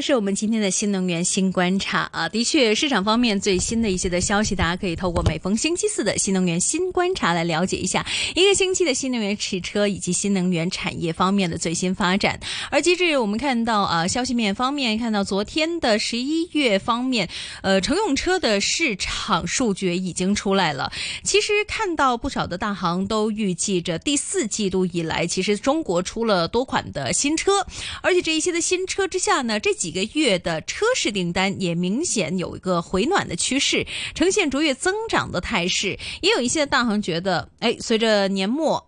是我們今天的新能源新觀察啊！的確，市場方面最新的一些的消息，大家可以透過每逢星期四的新能源新觀察來了解一下一個星期的新能源汽車以及新能源產業方面的最新發展。而今日我們看到啊，消息面方面看到昨天的十一月方面，呃，乘用車的市場數據已經出來了。其實看到不少的大行都預計着第四季度以來，其實中國出了多款的新車，而且這一些的新車之下呢，這幾。幾個月的車市訂單也明顯有一個回暖的趨勢，呈現逐月增長的態勢。也有一些大行覺得，誒，隨着年末。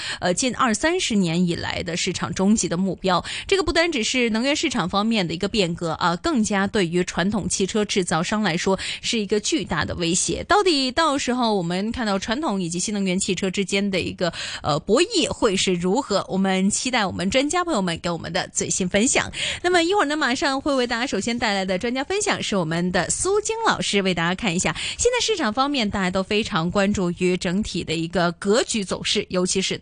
呃，近二三十年以來的市場終極的目標，這個不單只是能源市場方面的一個變革啊，更加對於傳統汽車製造商來說是一個巨大的威脅。到底到時候我們看到傳統以及新能源汽車之間的一個呃博弈會是如何？我們期待我們專家朋友們給我們的最新分享。那麼一會兒呢，馬上會為大家首先帶來的專家分享是我們的蘇菁老師為大家看一下。現在市場方面大家都非常關注於整體的一個格局走勢，尤其是。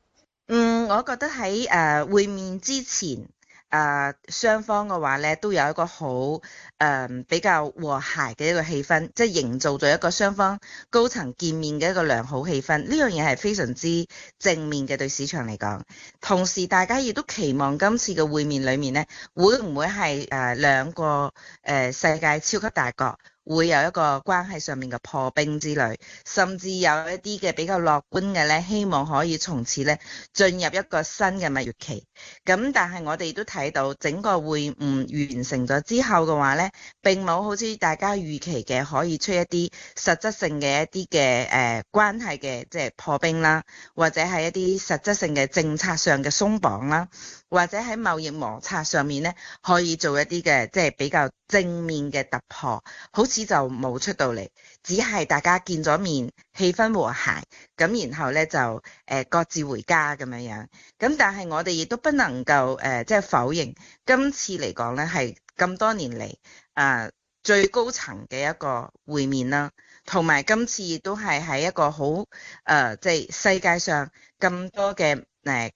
嗯，我覺得喺誒會面之前，誒雙方嘅話咧，都有一個好誒比較和諧嘅一個氣氛，即係營造咗一個雙方高層見面嘅一個良好氣氛。呢樣嘢係非常之正面嘅對市場嚟講。同時，大家亦都期望今次嘅會面裏面呢，會唔會係誒兩個誒世界超級大國，會有一個關係上面嘅破冰之類，甚至有一啲嘅比較樂觀嘅咧，希望可以從此咧進入一個新嘅蜜月期。咁但係我哋都睇到整個會晤完成咗之後嘅話咧，並冇好似大家預期嘅可以出一啲實質性嘅一啲嘅誒關係嘅即係破冰啦，或者係一啲實質性嘅政策上嘅鬆綁啦，或者喺貿易摩擦上面咧可以做一啲嘅即係比較正面嘅突破，好似就冇出到嚟。只係大家見咗面，氣氛和諧，咁然後呢就誒各自回家咁樣樣。咁但係我哋亦都不能夠誒即係否認，今次嚟講呢係咁多年嚟啊最高層嘅一個會面啦，同埋今次亦都係喺一個好誒即係世界上咁多嘅誒，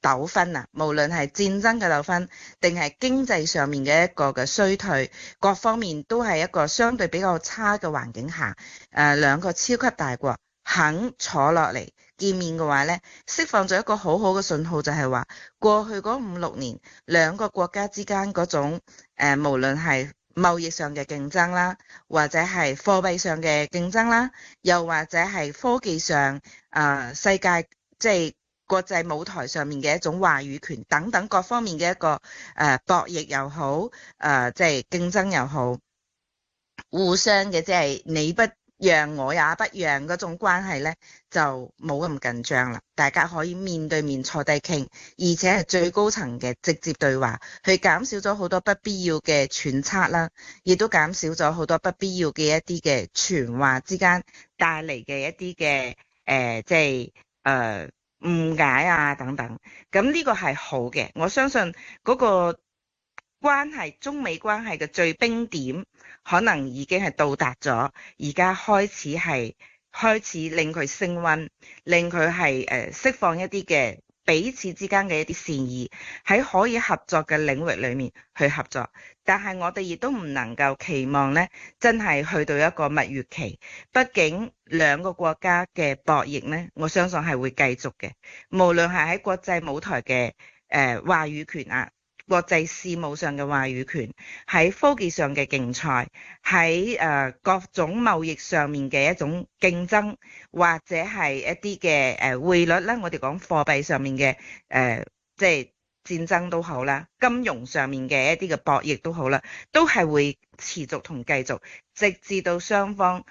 糾紛啊，無論係戰爭嘅糾紛，定係經濟上面嘅一個嘅衰退，各方面都係一個相對比較差嘅環境下，誒，兩個超級大國肯坐落嚟見面嘅話呢，釋放咗一個好好嘅信號，就是說，就係話過去嗰五六年兩個國家之間嗰種誒，無論係貿易上嘅競爭啦，或者係貨幣上嘅競爭啦，又或者係科技上誒，世界即係。就是國際舞台上面嘅一種話語權等等各方面嘅一個誒博弈又好，誒即係競爭又好，互相嘅即係你不讓我也不讓嗰種關係呢，就冇咁緊張啦。大家可以面對面坐低傾，而且係最高層嘅直接對話，去減少咗好多不必要嘅揣測啦，亦都減少咗好多不必要嘅一啲嘅傳話之間帶嚟嘅一啲嘅誒即係誒。呃就是呃誤解啊等等，咁呢個係好嘅，我相信嗰個關係，中美關係嘅最冰點可能已經係到達咗，而家開始係開始令佢升溫，令佢係誒釋放一啲嘅。彼此之間嘅一啲善意，喺可以合作嘅領域裏面去合作，但係我哋亦都唔能夠期望呢，真係去到一個蜜月期。畢竟兩個國家嘅博弈呢，我相信係會繼續嘅，無論係喺國際舞台嘅誒、呃、話語權啊。國際事務上嘅話語權，喺科技上嘅競賽，喺誒各種貿易上面嘅一種競爭，或者係一啲嘅誒匯率啦，我哋講貨幣上面嘅誒，即係戰爭都好啦，金融上面嘅一啲嘅博弈都好啦，都係會持續同繼續，直至到雙方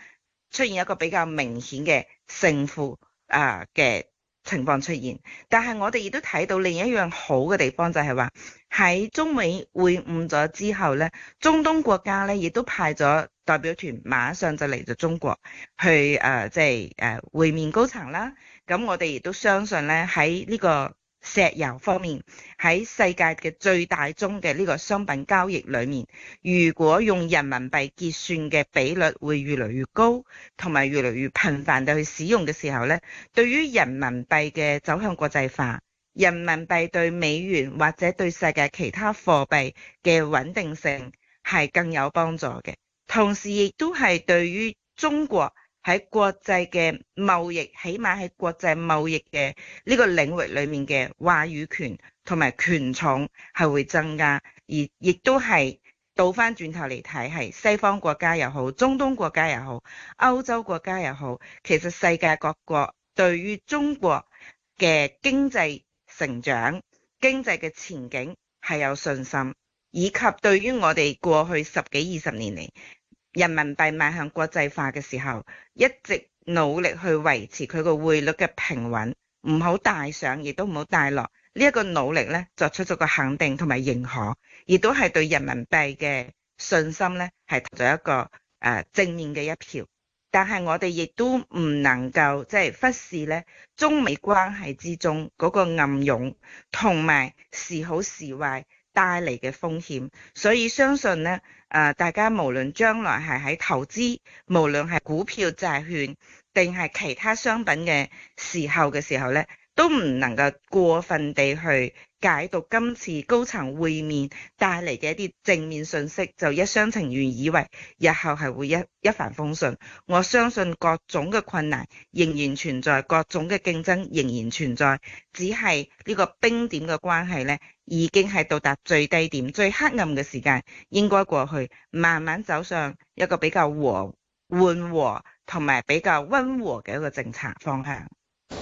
出現一個比較明顯嘅勝負啊嘅。情況出現，但係我哋亦都睇到另一樣好嘅地方就係話，喺中美會晤咗之後呢，中東國家呢亦都派咗代表團，馬上就嚟咗中國去誒，即係誒會面高層啦。咁我哋亦都相信呢喺呢個。石油方面喺世界嘅最大宗嘅呢個商品交易裏面，如果用人民幣結算嘅比率會越嚟越高，同埋越嚟越頻繁地去使用嘅時候咧，對於人民幣嘅走向國際化，人民幣對美元或者對世界其他貨幣嘅穩定性係更有幫助嘅，同時亦都係對於中國。喺國際嘅貿易，起碼喺國際貿易嘅呢個領域裏面嘅話語權同埋權重係會增加，而亦都係倒翻轉頭嚟睇，係西方國家又好，中東國家又好，歐洲國家又好，其實世界各國對於中國嘅經濟成長、經濟嘅前景係有信心，以及對於我哋過去十幾二十年嚟，人民幣邁向國際化嘅時候，一直努力去維持佢個匯率嘅平穩，唔好大上亦都唔好大落呢一，這個努力呢作出咗個肯定同埋認可，亦都係對人民幣嘅信心咧係投咗一個誒、呃、正面嘅一票。但係我哋亦都唔能夠即係忽視呢中美關係之中嗰個暗湧同埋時好時壞。帶嚟嘅風險，所以相信呢，誒，大家無論將來係喺投資，無論係股票、債券定係其他商品嘅時候嘅時候呢，都唔能夠過分地去解讀今次高層會面帶嚟嘅一啲正面信息，就一廂情願以為日後係會一一帆風順。我相信各種嘅困難仍然存在，各種嘅競爭仍然存在，只係呢個冰點嘅關係呢。已經係到達最低點，最黑暗嘅時間應該過去，慢慢走上一個比較和緩和同埋比較溫和嘅一個政策方向。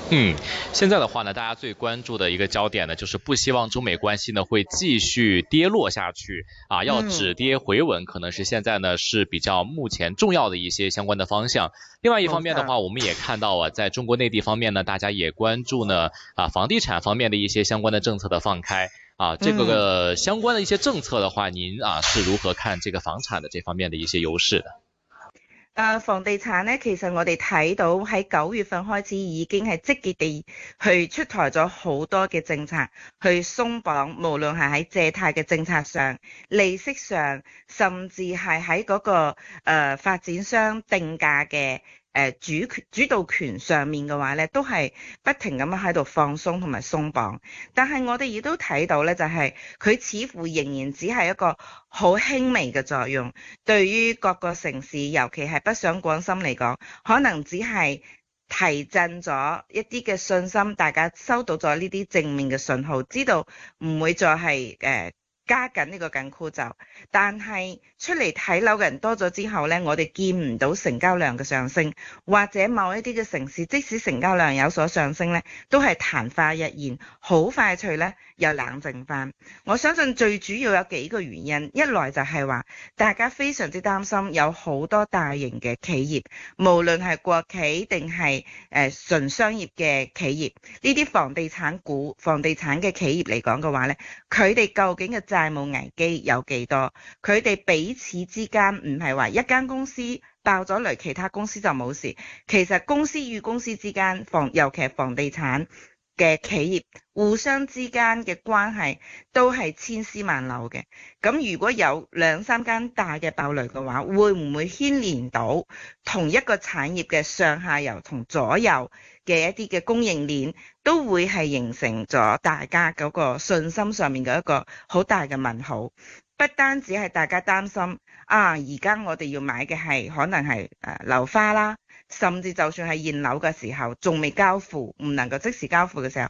嗯，現在的話呢，大家最關注的一個焦點呢，就是不希望中美關係呢會繼續跌落下去，啊，要止跌回穩，可能是現在呢，是比較目前重要的一些相關的方向。另外一方面的話，我們也看到啊，在中國內地方面呢，大家也關注呢，啊，房地產方面的一些相關的政策的放開。啊，這個、個相關的一些政策的話，嗯、您啊是如何看這個房產的這方面的一些優勢的？啊，房地產呢，其實我哋睇到喺九月份開始已經係積極地去出台咗好多嘅政策去鬆綁，無論係喺借貸嘅政策上、利息上，甚至係喺嗰個誒、呃、發展商定價嘅。主主導權上面嘅話咧，都係不停咁喺度放鬆同埋鬆綁，但係我哋亦都睇到咧、就係，就係佢似乎仍然只係一個好輕微嘅作用，對於各個城市，尤其係北上廣深嚟講，可能只係提振咗一啲嘅信心，大家收到咗呢啲正面嘅信號，知道唔會再係誒、呃加緊呢個緊箍咒，但係出嚟睇樓嘅人多咗之後呢，我哋見唔到成交量嘅上升，或者某一啲嘅城市即使成交量有所上升呢，都係曇花一現，好快脆呢，又冷靜翻。我相信最主要有幾個原因，一來就係話大家非常之擔心，有好多大型嘅企業，無論係國企定係誒純商業嘅企業，呢啲房地產股、房地產嘅企業嚟講嘅話呢，佢哋究竟嘅債務危機有幾多？佢哋彼此之間唔係話一間公司爆咗雷，其他公司就冇事。其實公司與公司之間，房尤其係房地產。嘅企業互相之間嘅關係都係千絲萬縷嘅，咁如果有兩三間大嘅爆雷嘅話，會唔會牽連到同一個產業嘅上下游同左右嘅一啲嘅供應鏈，都會係形成咗大家嗰個信心上面嘅一個好大嘅問號。不單止係大家擔心啊，而家我哋要買嘅係可能係誒樓花啦。甚至就算係現樓嘅時候，仲未交付，唔能夠即時交付嘅時候，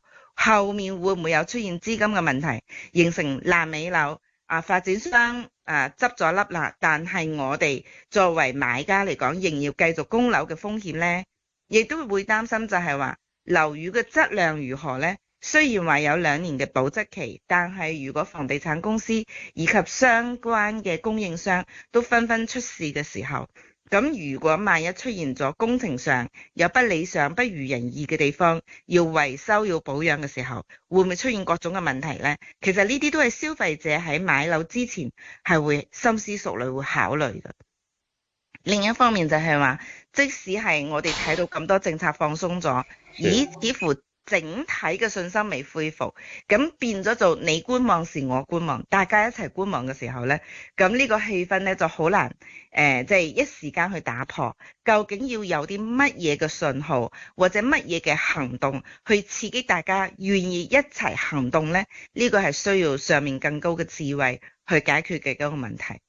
後面會唔會有出現資金嘅問題，形成爛尾樓？啊，發展商啊執咗笠啦，但係我哋作為買家嚟講，仍要繼續供樓嘅風險呢，亦都會擔心就係話樓宇嘅質量如何呢？雖然話有兩年嘅保質期，但係如果房地產公司以及相關嘅供應商都紛紛出事嘅時候。咁如果萬一出現咗工程上有不理想、不如人意嘅地方，要維修、要保養嘅時候，會唔會出現各種嘅問題呢？其實呢啲都係消費者喺買樓之前係會深思熟慮、會考慮嘅。另一方面就係話，即使係我哋睇到咁多政策放鬆咗，咦，幾乎。整體嘅信心未恢復，咁變咗做你觀望是我觀望，大家一齊觀望嘅時候呢，咁呢個氣氛呢就好難誒，即、呃、係、就是、一時間去打破。究竟要有啲乜嘢嘅信號，或者乜嘢嘅行動去刺激大家願意一齊行動呢？呢、呢個係需要上面更高嘅智慧去解決嘅嗰個問題。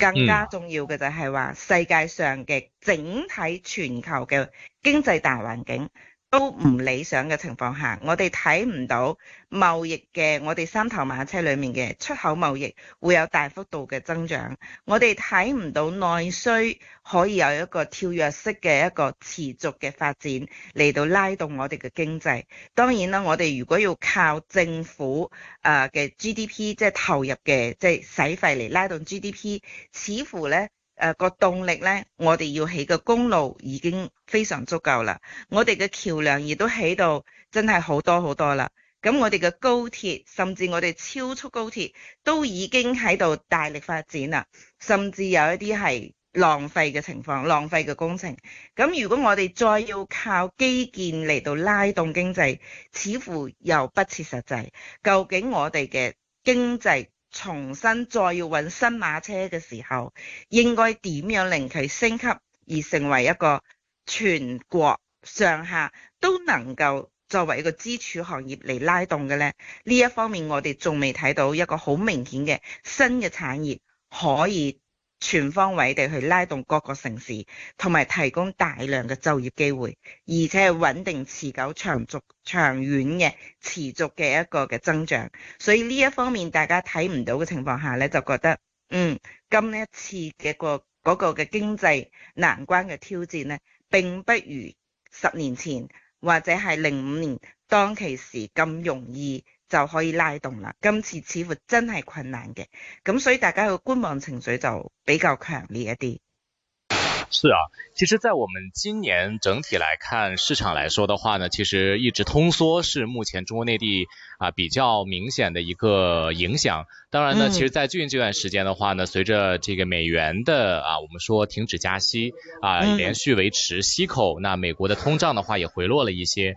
更加重要嘅就係話，世界上嘅整體全球嘅經濟大環境，都唔理想嘅情況下，我哋睇唔到貿易嘅我哋三頭馬車裏面嘅出口貿易會有大幅度嘅增長，我哋睇唔到內需可以有一個跳躍式嘅一個持續嘅發展嚟到拉動我哋嘅經濟。當然啦，我哋如果要靠政府誒嘅 GDP 即係投入嘅即係使費嚟拉動 GDP，似乎呢。誒，個動力呢，我哋要起個公路已經非常足夠啦，我哋嘅橋樑亦都起到真係好多好多啦。咁我哋嘅高鐵，甚至我哋超速高鐵都已經喺度大力發展啦。甚至有一啲係浪費嘅情況，浪費嘅工程。咁如果我哋再要靠基建嚟到拉動經濟，似乎又不切實際。究竟我哋嘅經濟重新再要搵新馬車嘅時候，應該點樣令佢升級而成為一個全國上下都能夠作為一個支柱行業嚟拉動嘅咧？呢一方面我哋仲未睇到一個好明顯嘅新嘅產業可以。全方位地去拉動各個城市，同埋提供大量嘅就業機會，而且係穩定、持久、長續、長遠嘅持續嘅一個嘅增長。所以呢一方面大家睇唔到嘅情況下咧，就覺得嗯，今一次嘅個嗰個嘅經濟難關嘅挑戰咧，並不如十年前或者係零五年當其時咁容易。就可以拉動啦。今次似乎真係困難嘅，咁所以大家個觀望情緒就比較強烈一啲。是啊，其實在我們今年整體來看市場來說的話呢，其實一直通縮是目前中國內地啊比較明顯的一個影響。當然呢，其實在最近這段時間的話呢，隨著這個美元的啊，我們說停止加息啊，連續維持息口，那美國的通脹的話也回落了一些。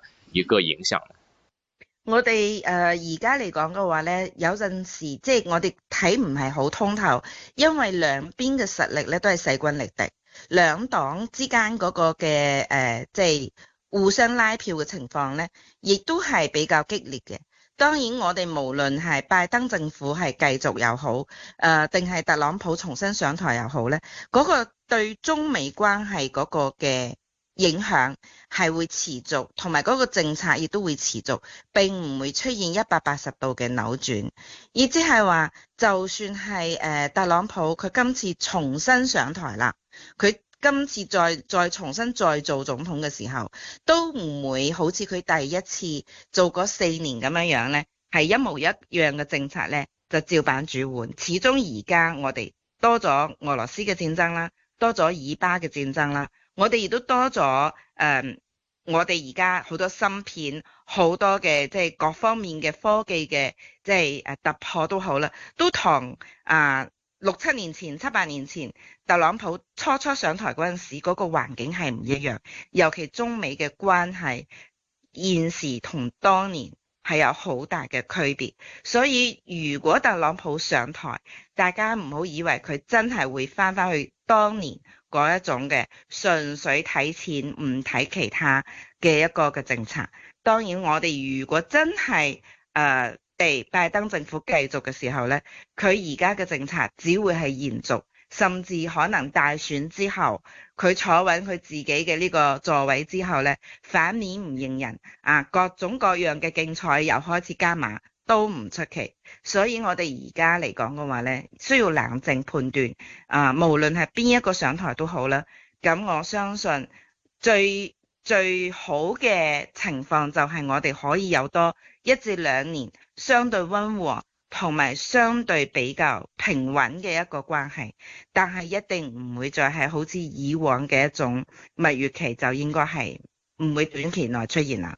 一個影響。我哋誒而家嚟講嘅話呢，有陣時即係、就是、我哋睇唔係好通透，因為兩邊嘅實力呢都係勢均力敵，兩黨之間嗰個嘅誒即係互相拉票嘅情況呢，亦都係比較激烈嘅。當然，我哋無論係拜登政府係繼續又好，誒定係特朗普重新上台又好呢嗰、那個對中美關係嗰個嘅。影響係會持續，同埋嗰個政策亦都會持續，並唔會出現一百八十度嘅扭轉。亦即係話，就算係誒特朗普佢今次重新上台啦，佢今次再再重新再做總統嘅時候，都唔會好似佢第一次做嗰四年咁樣樣，呢係一模一樣嘅政策呢，就照板煮碗。始終而家我哋多咗俄羅斯嘅戰爭啦，多咗以巴嘅戰爭啦。我哋亦都多咗誒、嗯，我哋而家好多芯片，好多嘅即係各方面嘅科技嘅即係誒突破都好啦，都同啊六七年前、七八年前，特朗普初初上台嗰陣時嗰個環境係唔一樣，尤其中美嘅關係現時同當年係有好大嘅區別。所以如果特朗普上台，大家唔好以為佢真係會翻返去當年。嗰一種嘅，純粹睇錢唔睇其他嘅一個嘅政策。當然，我哋如果真係誒地拜登政府繼續嘅時候呢，佢而家嘅政策只會係延續，甚至可能大選之後，佢坐穩佢自己嘅呢個座位之後呢，反面唔認人啊，各種各樣嘅競賽又開始加碼，都唔出奇，所以我哋而家嚟講嘅話咧，需要冷靜判斷啊。無論係邊一個上台都好啦，咁我相信最最好嘅情況就係我哋可以有多一至兩年相對溫和同埋相對比較平穩嘅一個關係，但係一定唔會再係好似以往嘅一種蜜月期，就應該係唔會短期內出現啦。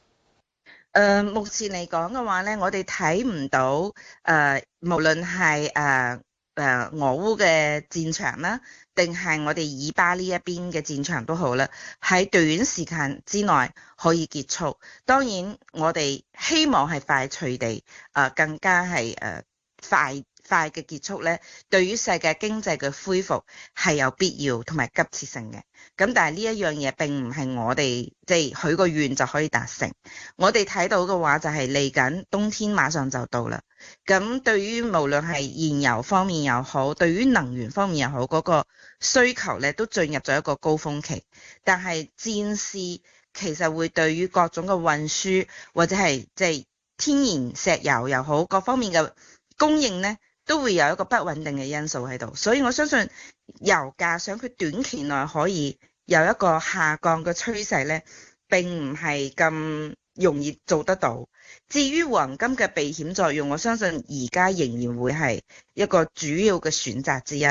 誒、呃，目前嚟講嘅話咧，我哋睇唔到誒、呃，無論係誒誒俄烏嘅戰場啦，定係我哋以巴呢一邊嘅戰場都好啦，喺短時間之內可以結束。當然，我哋希望係快脆地，誒、呃，更加係誒、呃、快。快嘅結束咧，對於世界經濟嘅恢復係有必要同埋急切性嘅。咁但係呢一樣嘢並唔係我哋即係許個願就可以達成。我哋睇到嘅話就係嚟緊冬天馬上就到啦。咁對於無論係燃油方面又好，對於能源方面又好，嗰個需求咧，都進入咗一個高峰期。但係戰事其實會對於各種嘅運輸或者係即係天然石油又好，各方面嘅供應呢。都會有一個不穩定嘅因素喺度，所以我相信油價想佢短期內可以有一個下降嘅趨勢咧，並唔係咁容易做得到。至於黃金嘅避險作用，我相信而家仍然會係一個主要嘅選擇之一。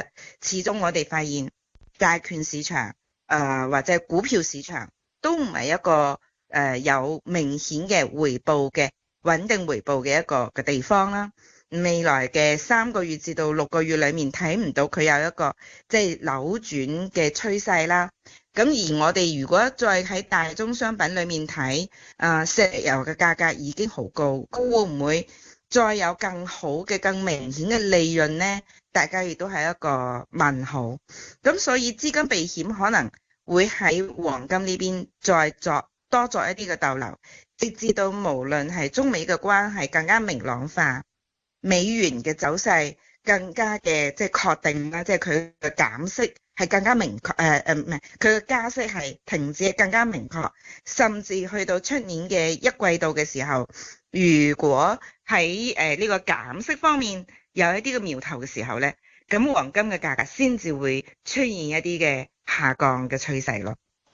始終我哋發現債券市場誒、呃、或者股票市場都唔係一個誒、呃、有明顯嘅回報嘅穩定回報嘅一個嘅地方啦。未來嘅三個月至到六個月裏面睇唔到佢有一個即係、就是、扭轉嘅趨勢啦。咁而我哋如果再喺大宗商品裏面睇，啊石油嘅價格已經好高，會唔會再有更好嘅、更明顯嘅利潤呢？大家亦都係一個問號。咁所以資金避險可能會喺黃金呢邊再作多作一啲嘅逗留，直至到無論係中美嘅關係更加明朗化。美元嘅走勢更加嘅即係確定啦，即係佢嘅減息係更加明確，誒誒，唔係佢嘅加息係停止更加明確，甚至去到出年嘅一季度嘅時候，如果喺誒呢個減息方面有一啲嘅苗頭嘅時候咧，咁黃金嘅價格先至會出現一啲嘅下降嘅趨勢咯。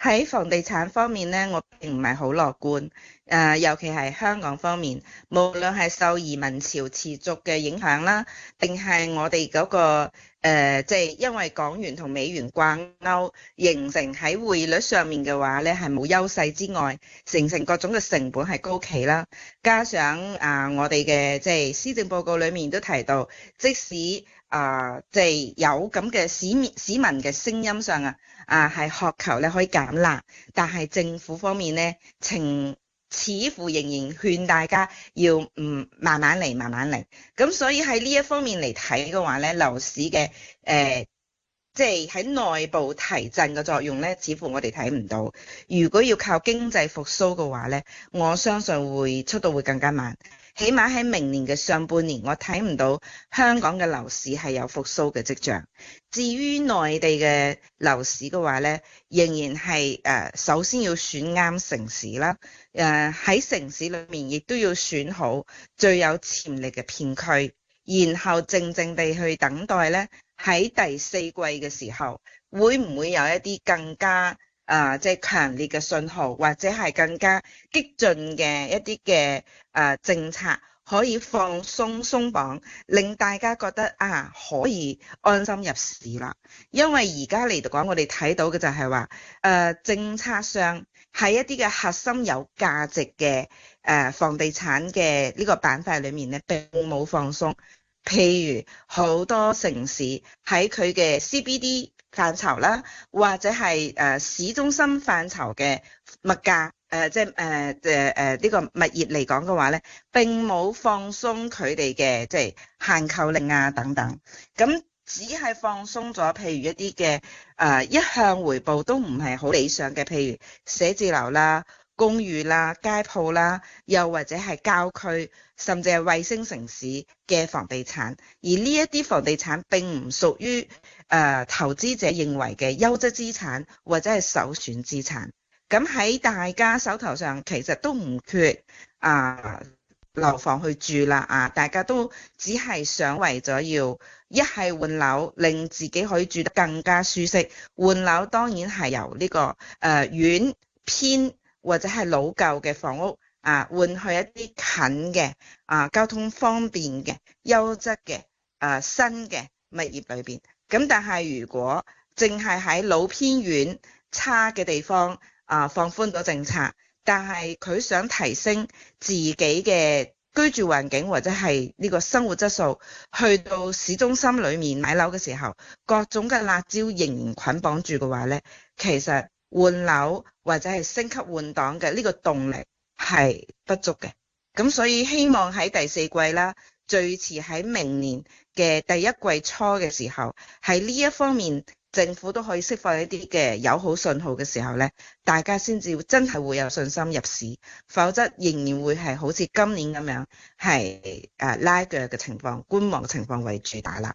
喺房地產方面咧，我並唔係好樂觀。誒、呃，尤其係香港方面，無論係受移民潮持續嘅影響啦，定係我哋嗰、那個誒，即、呃、係、就是，因為港元同美元掛鈎，形成喺匯率上面嘅話咧係冇優勢之外，形成，成各種嘅成本係高企啦。加上啊、呃，我哋嘅即係施政報告裏面都提到，即使啊、呃、即、就、係、是、有咁嘅市面市民嘅聲音上啊，啊係渴求咧可以減辣，但係政府方面咧，情似乎仍然勸大家要唔慢慢嚟，慢慢嚟。咁所以喺呢一方面嚟睇嘅話咧，樓市嘅誒，即係喺內部提振嘅作用咧，似乎我哋睇唔到。如果要靠經濟復蘇嘅話咧，我相信會速度會更加慢。起碼喺明年嘅上半年，我睇唔到香港嘅樓市係有復甦嘅跡象。至於內地嘅樓市嘅話呢，仍然係誒，首先要選啱城市啦。誒喺城市裏面，亦都要選好最有潛力嘅片區，然後靜靜地去等待呢，喺第四季嘅時候，會唔會有一啲更加？啊、呃，即係強烈嘅信號，或者係更加激進嘅一啲嘅啊政策，可以放鬆鬆綁，令大家覺得啊可以安心入市啦。因為而家嚟講，我哋睇到嘅就係話，誒、呃、政策上喺一啲嘅核心有價值嘅誒、呃、房地產嘅呢個板塊裏面呢，並冇放鬆。譬如好多城市喺佢嘅 CBD 範疇啦，或者係誒市中心範疇嘅物價誒，即係誒誒誒呢個物業嚟講嘅話呢並冇放鬆佢哋嘅即係限購令啊等等，咁只係放鬆咗，譬如一啲嘅誒一向回報都唔係好理想嘅，譬如寫字樓啦、公寓啦、街鋪啦，又或者係郊區甚至係衛星城市嘅房地產，而呢一啲房地產並唔屬於。誒、啊，投資者認為嘅優質資產或者係首選資產，咁喺大家手頭上其實都唔缺啊，樓房去住啦啊，大家都只係想為咗要一係換樓，令自己可以住得更加舒適。換樓當然係由呢、這個誒遠、啊、偏或者係老舊嘅房屋啊，換去一啲近嘅啊交通方便嘅優質嘅誒新嘅物業裏邊。咁但係如果淨係喺老偏遠差嘅地方啊放寬咗政策，但係佢想提升自己嘅居住環境或者係呢個生活質素，去到市中心裏面買樓嘅時候，各種嘅辣招仍然捆綁住嘅話，呢其實換樓或者係升級換檔嘅呢個動力係不足嘅。咁所以希望喺第四季啦。最遲喺明年嘅第一季初嘅時候，喺呢一方面政府都可以釋放一啲嘅友好信號嘅時候，呢大家先至真係會有信心入市，否則仍然會係好似今年咁樣係誒拉鋸嘅情況，觀望情況為主打啦。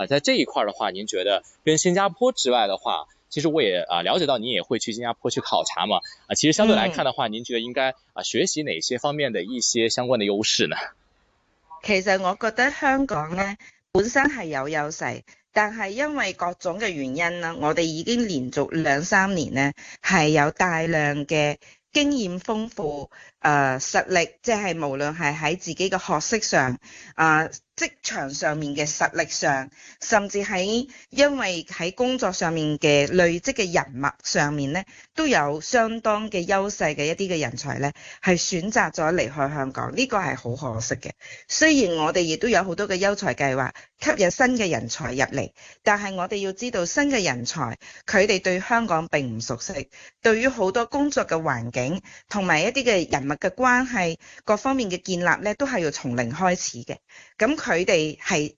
啊，在這一塊的話，您覺得跟新加坡之外的話，其實我也啊了解到，您也會去新加坡去考察嘛。啊，其實相對來看的話，嗯，您覺得應該啊學習哪些方面的一些相關的優勢呢？其實我覺得香港呢本身係有優勢，但是因為各種嘅原因呢，我哋已經連續兩三年呢係有大量嘅經驗豐富。誒、呃，實力即係無論係喺自己嘅學識上，啊、呃，職場上面嘅實力上，甚至喺因為喺工作上面嘅累積嘅人脈上面呢，都有相當嘅優勢嘅一啲嘅人才呢，係選擇咗離開香港，呢、這個係好可惜嘅。雖然我哋亦都有好多嘅優才計劃吸引新嘅人才入嚟，但係我哋要知道新嘅人才佢哋對香港並唔熟悉，對於好多工作嘅環境同埋一啲嘅人物嘅關係，各方面嘅建立呢，都係要從零開始嘅。咁佢哋係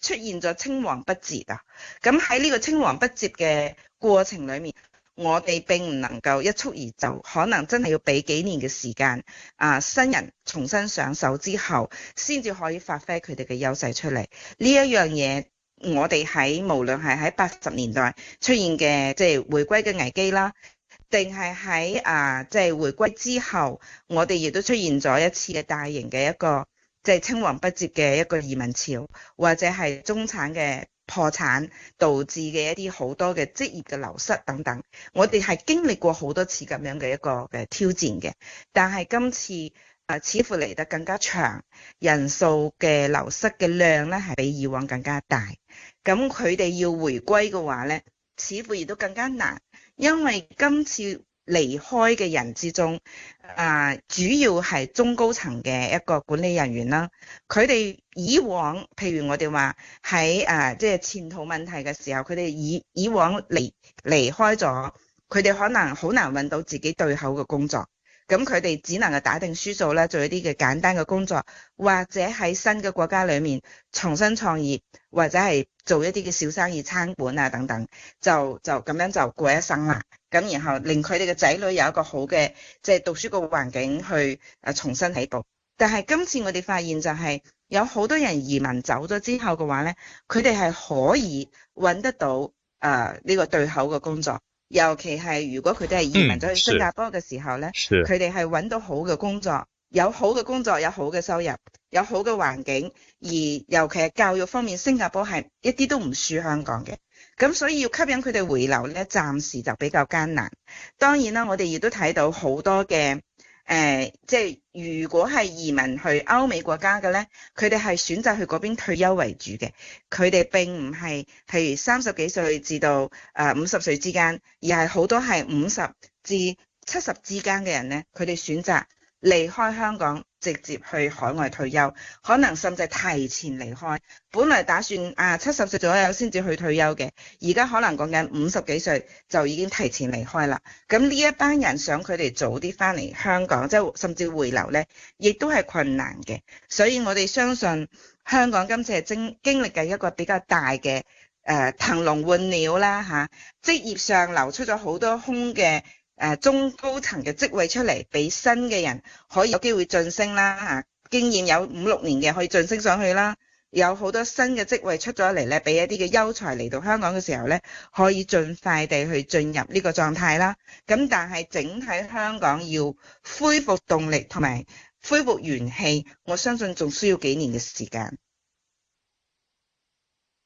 出現咗青黃不接啊。咁喺呢個青黃不接嘅過程裏面，我哋並唔能夠一蹴而就，可能真係要俾幾年嘅時間啊，新人重新上手之後，先至可以發揮佢哋嘅優勢出嚟。呢一樣嘢，我哋喺無論係喺八十年代出現嘅，即係回歸嘅危機啦。定係喺啊，即係回歸之後，我哋亦都出現咗一次嘅大型嘅一個，即係青黃不接嘅一個移民潮，或者係中產嘅破產導致嘅一啲好多嘅職業嘅流失等等。我哋係經歷過好多次咁樣嘅一個嘅挑戰嘅，但係今次啊，似乎嚟得更加長，人數嘅流失嘅量呢係比以往更加大。咁佢哋要回歸嘅話呢，似乎亦都更加難。因為今次離開嘅人之中，啊，主要係中高層嘅一個管理人員啦。佢哋以往，譬如我哋話喺誒，即係前途問題嘅時候，佢哋以以往離離開咗，佢哋可能好難揾到自己對口嘅工作。咁佢哋只能係打定輸數啦，做一啲嘅簡單嘅工作，或者喺新嘅國家裏面重新創業，或者係做一啲嘅小生意、餐館啊等等，就就咁樣就過一生啦。咁然後令佢哋嘅仔女有一個好嘅即係讀書嘅環境去誒重新起步。但係今次我哋發現就係、是、有好多人移民走咗之後嘅話呢，佢哋係可以揾得到誒呢、呃這個對口嘅工作。尤其係如果佢哋係移民咗去新加坡嘅時候呢，佢哋係揾到好嘅工作，有好嘅工作，有好嘅收入，有好嘅環境，而尤其係教育方面，新加坡係一啲都唔輸香港嘅，咁所以要吸引佢哋回流呢，暫時就比較艱難。當然啦，我哋亦都睇到好多嘅。誒、呃，即係如果係移民去歐美國家嘅咧，佢哋係選擇去嗰邊退休為主嘅，佢哋並唔係譬如三十幾歲至到誒五十歲之間，而係好多係五十至七十之間嘅人咧，佢哋選擇。離開香港直接去海外退休，可能甚至提前離開。本來打算啊七十歲左右先至去退休嘅，而家可能講緊五十幾歲就已經提前離開啦。咁呢一班人想佢哋早啲翻嚟香港，即甚至回流呢，亦都係困難嘅。所以我哋相信香港今次係經經歷嘅一個比較大嘅誒騰籠換鳥啦嚇，職業上流出咗好多空嘅。誒，中高層嘅職位出嚟俾新嘅人可以有機會晉升啦，吓經驗有五六年嘅可以晉升上去啦，有好多新嘅職位出咗嚟呢，俾一啲嘅優才嚟到香港嘅時候呢，可以盡快地去進入呢個狀態啦。咁但係整體香港要恢復動力同埋恢復元氣，我相信仲需要幾年嘅時間。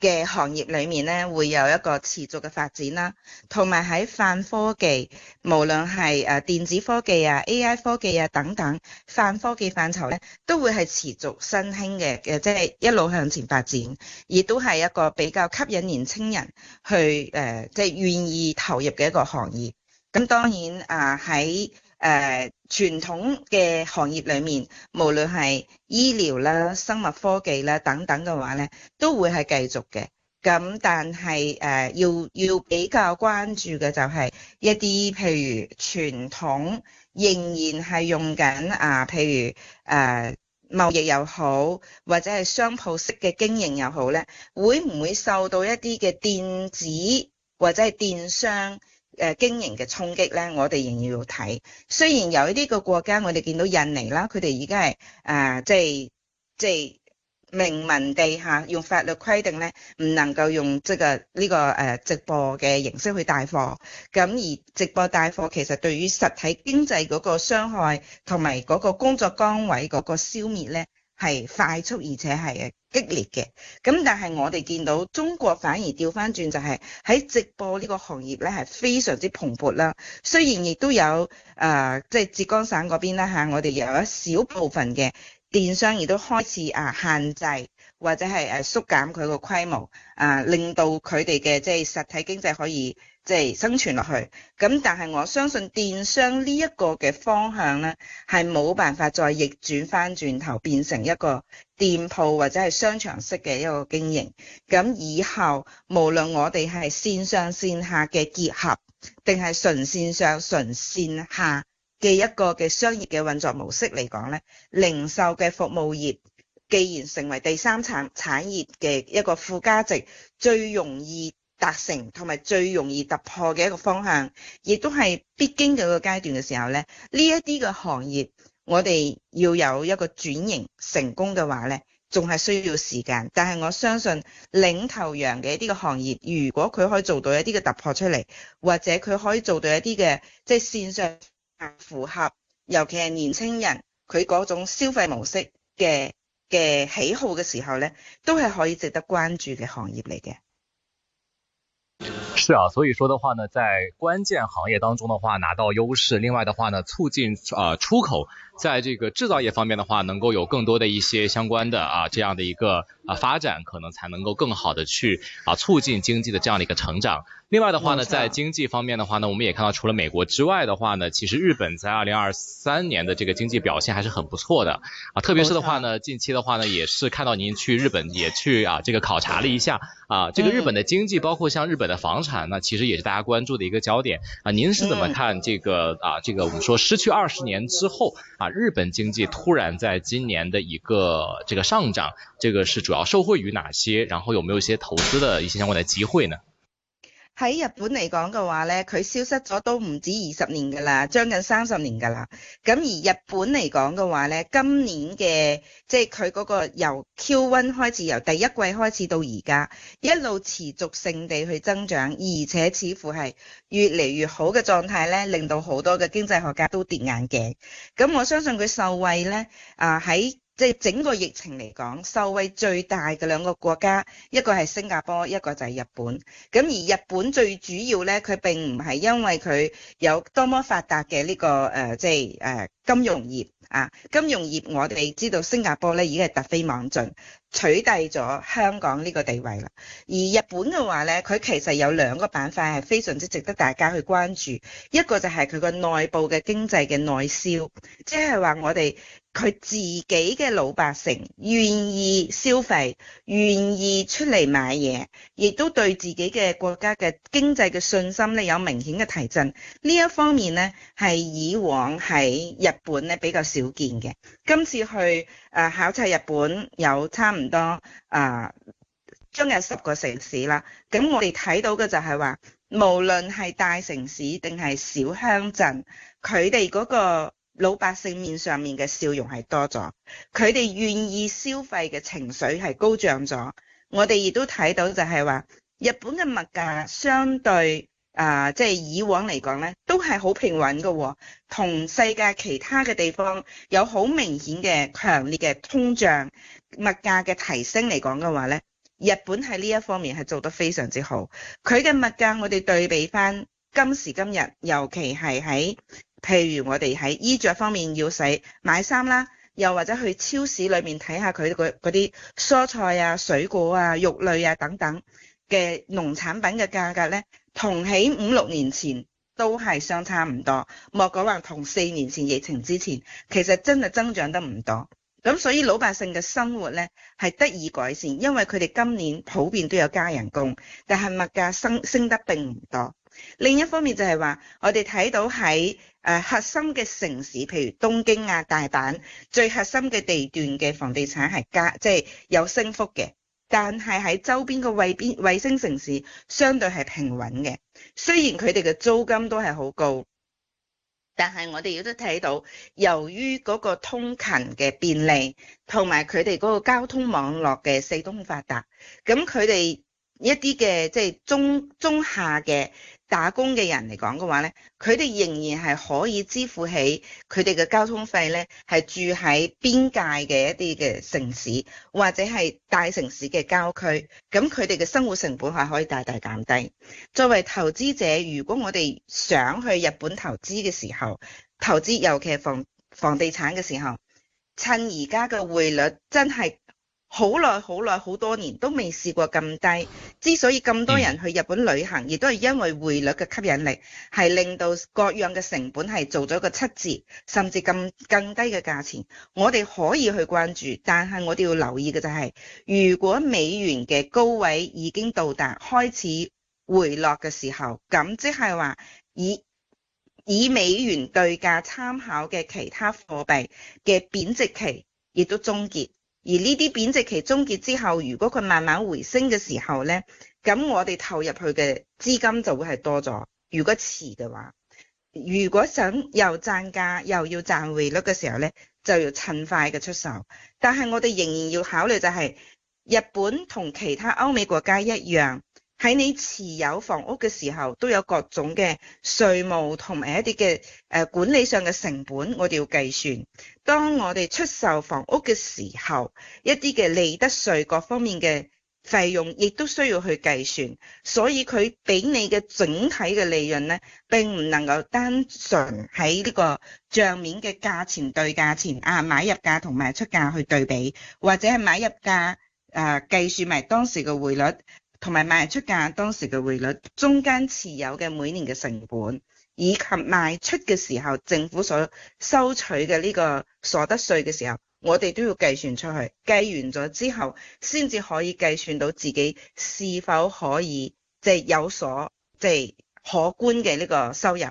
嘅行業裏面咧，會有一個持續嘅發展啦，同埋喺泛科技，無論係誒電子科技啊、AI 科技啊等等，泛科技範疇咧，都會係持續新興嘅嘅，即係一路向前發展，亦都係一個比較吸引年青人去誒，即係願意投入嘅一個行業。咁當然啊，喺、呃誒、呃，傳統嘅行業裏面，無論係醫療啦、生物科技啦等等嘅話咧，都會係繼續嘅。咁但係誒、呃，要要比較關注嘅就係一啲譬如傳統仍然係用緊啊，譬如誒呃、貿易又好，或者係商鋪式嘅經營又好咧，會唔會受到一啲嘅電子或者係電商，誒，經營嘅衝擊咧，我哋仍然要睇。雖然有呢個國家，我哋見到印尼啦，佢哋已經係誒，即係即係明文地下用法律規定咧，唔能夠用即係呢個誒、這個呃、直播嘅形式去帶貨。咁而直播帶貨其實對於實體經濟嗰個傷害同埋嗰個工作崗位嗰個消滅咧。係快速而且係激烈嘅，咁但係我哋見到中國反而掉翻轉就係喺直播呢個行業呢係非常之蓬勃啦。雖然亦都有啊，即、呃、係、就是、浙江省嗰邊啦吓，我哋有一小部分嘅電商亦都開始啊限制、或者係誒縮減佢個規模啊、呃，令到佢哋嘅即係實體經濟可以。即係生存落去，咁但係我相信電商呢一個嘅方向呢，係冇辦法再逆轉返轉頭變成一個店鋪或者係商場式嘅一個經營。咁以後無論我哋係線上線下嘅結合，定係純線上、純線下嘅一個嘅商業嘅運作模式嚟講呢，零售嘅服務業既然成為第三產產業嘅一個附加值，最容易。達成同埋最容易突破嘅一個方向，亦都係必經嘅一個階段嘅時候呢，呢一啲嘅行業，我哋要有一個轉型成功嘅話呢，仲係需要時間。但係我相信領頭羊嘅一啲嘅行業，如果佢可以做到一啲嘅突破出嚟，或者佢可以做到一啲嘅即係線上符合，尤其係年青人佢嗰種消費模式嘅嘅喜好嘅時候呢，都係可以值得關注嘅行業嚟嘅。是啊，所以說的話呢，在關鍵行業當中的話拿到優勢，另外的話呢，促進啊、呃、出口。在這個製造業方面的話，能夠有更多的一些相關的啊這樣的一個啊發展，可能才能夠更好的去啊促進經濟的這樣的一個成長。另外的話呢，在經濟方面的話呢，我們也看到除了美國之外的話呢，其實日本在二零二三年的這個經濟表現還是很不錯的啊。特別是的話呢，近期的話呢，也是看到您去日本也去啊這個考察了一下啊。這個日本的經濟，包括像日本的房產，那其實也是大家關注的一個焦點啊。您是怎麼看這個啊？這個我們說失去二十年之後啊？日本經濟突然在今年的一個這個上漲，這個是主要受惠於哪些？然後有沒有一些投資的一些相關的機會呢？喺日本嚟講嘅話呢，佢消失咗都唔止二十年噶啦，將近三十年噶啦。咁而日本嚟講嘅話呢，今年嘅即係佢嗰個由 Q1 開始，由第一季開始到而家，一路持續性地去增長，而且似乎係越嚟越好嘅狀態呢，令到好多嘅經濟學家都跌眼鏡。咁我相信佢受惠呢，啊喺。即係整個疫情嚟講，受惠最大嘅兩個國家，一個係新加坡，一個就係日本。咁而日本最主要呢，佢並唔係因為佢有多麼發達嘅呢個誒，即係誒金融業啊。金融業我哋知道新加坡呢已經係突飛猛進，取替咗香港呢個地位啦。而日本嘅話呢，佢其實有兩個板塊係非常之值得大家去關注，一個就係佢個內部嘅經濟嘅內銷，即係話我哋。佢自己嘅老百姓願意消費，願意出嚟買嘢，亦都對自己嘅國家嘅經濟嘅信心呢有明顯嘅提振。呢一方面呢，係以往喺日本呢比較少見嘅。今次去誒考察日本有差唔多誒，將、呃、有十個城市啦。咁我哋睇到嘅就係話，無論係大城市定係小鄉鎮，佢哋嗰個老百姓面上面嘅笑容係多咗，佢哋願意消費嘅情緒係高漲咗。我哋亦都睇到就係話，日本嘅物價相對啊，即係以往嚟講呢，都係好平穩嘅喎。同世界其他嘅地方有好明顯嘅強烈嘅通脹物價嘅提升嚟講嘅話呢，日本喺呢一方面係做得非常之好。佢嘅物價我哋對比翻。今時今日，尤其係喺譬如我哋喺衣着方面要洗買衫啦，又或者去超市裏面睇下佢嗰嗰啲蔬菜啊、水果啊、肉類啊等等嘅農產品嘅價格呢，同喺五六年前都係相差唔多，莫講話同四年前疫情之前，其實真係增長得唔多。咁所以老百姓嘅生活呢，係得以改善，因為佢哋今年普遍都有加人工，但係物價升升得並唔多。另一方面就係話，我哋睇到喺誒核心嘅城市，譬如東京啊、大阪，最核心嘅地段嘅房地產係加，即係有升幅嘅。但係喺周邊嘅衛邊衛星城市，相對係平穩嘅。雖然佢哋嘅租金都係好高，但係我哋亦都睇到，由於嗰個通勤嘅便利，同埋佢哋嗰個交通網絡嘅四通發達，咁佢哋一啲嘅即係中中下嘅。打工嘅人嚟講嘅話呢，佢哋仍然係可以支付起佢哋嘅交通費呢，係住喺邊界嘅一啲嘅城市或者係大城市嘅郊區，咁佢哋嘅生活成本係可以大大減低。作為投資者，如果我哋想去日本投資嘅時候，投資尤其係房房地產嘅時候，趁而家嘅匯率真係。好耐好耐好多年都未試過咁低，之所以咁多人去日本旅行，亦、嗯、都係因為匯率嘅吸引力，係令到各樣嘅成本係做咗個七折，甚至更更低嘅價錢。我哋可以去關注，但係我哋要留意嘅就係、是，如果美元嘅高位已經到達，開始回落嘅時候，咁即係話以以美元對價參考嘅其他貨幣嘅貶值期亦都終結。而呢啲貶值期終結之後，如果佢慢慢回升嘅時候呢，咁我哋投入去嘅資金就會係多咗。如果遲嘅話，如果想又賺價又要賺匯率嘅時候呢，就要趁快嘅出售。但係我哋仍然要考慮就係日本同其他歐美國家一樣。喺你持有房屋嘅時候，都有各種嘅稅務同埋一啲嘅誒管理上嘅成本，我哋要計算。當我哋出售房屋嘅時候，一啲嘅利得稅各方面嘅費用，亦都需要去計算。所以佢俾你嘅整體嘅利潤呢，並唔能夠單純喺呢個賬面嘅價錢對價錢啊，買入價同埋出價去對比，或者係買入價誒、呃、計算埋當時嘅匯率。同埋賣出價當時嘅匯率，中間持有嘅每年嘅成本，以及賣出嘅時候政府所收取嘅呢個所得稅嘅時候，我哋都要計算出去。計完咗之後，先至可以計算到自己是否可以即係、就是、有所即係、就是、可觀嘅呢個收入。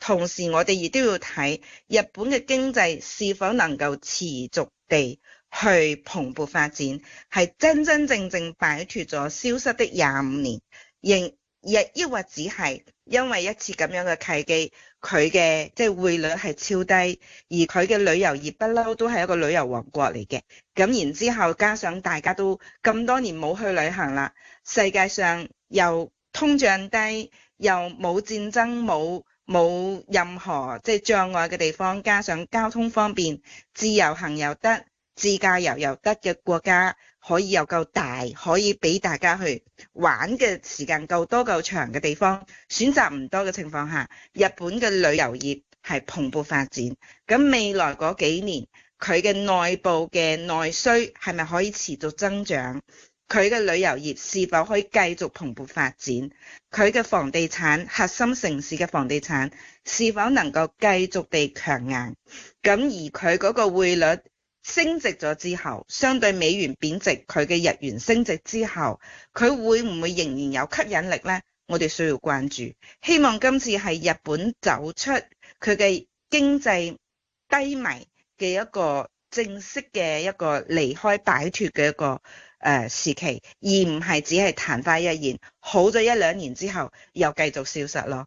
同時，我哋亦都要睇日本嘅經濟是否能夠持續地去蓬勃發展，係真真正正擺脫咗消失的廿五年，亦亦抑或只係因為一次咁樣嘅契機，佢嘅即係匯率係超低，而佢嘅旅遊業不嬲都係一個旅遊王國嚟嘅。咁然之後加上大家都咁多年冇去旅行啦，世界上又通脹低，又冇戰爭，冇冇任何即係障礙嘅地方，加上交通方便，自由行又得。自駕遊又得嘅國家，可以又夠大，可以俾大家去玩嘅時間夠多夠長嘅地方，選擇唔多嘅情況下，日本嘅旅遊業係蓬勃發展。咁未來嗰幾年，佢嘅內部嘅內需係咪可以持續增長？佢嘅旅遊業是否可以繼續蓬勃發展？佢嘅房地產核心城市嘅房地產是否能夠繼續地強硬？咁而佢嗰個匯率？升值咗之後，相對美元貶值，佢嘅日元升值之後，佢會唔會仍然有吸引力呢？我哋需要關注。希望今次係日本走出佢嘅經濟低迷嘅一個正式嘅一個離開擺脫嘅一個誒時期，而唔係只係曇花一現，好咗一兩年之後又繼續消失咯。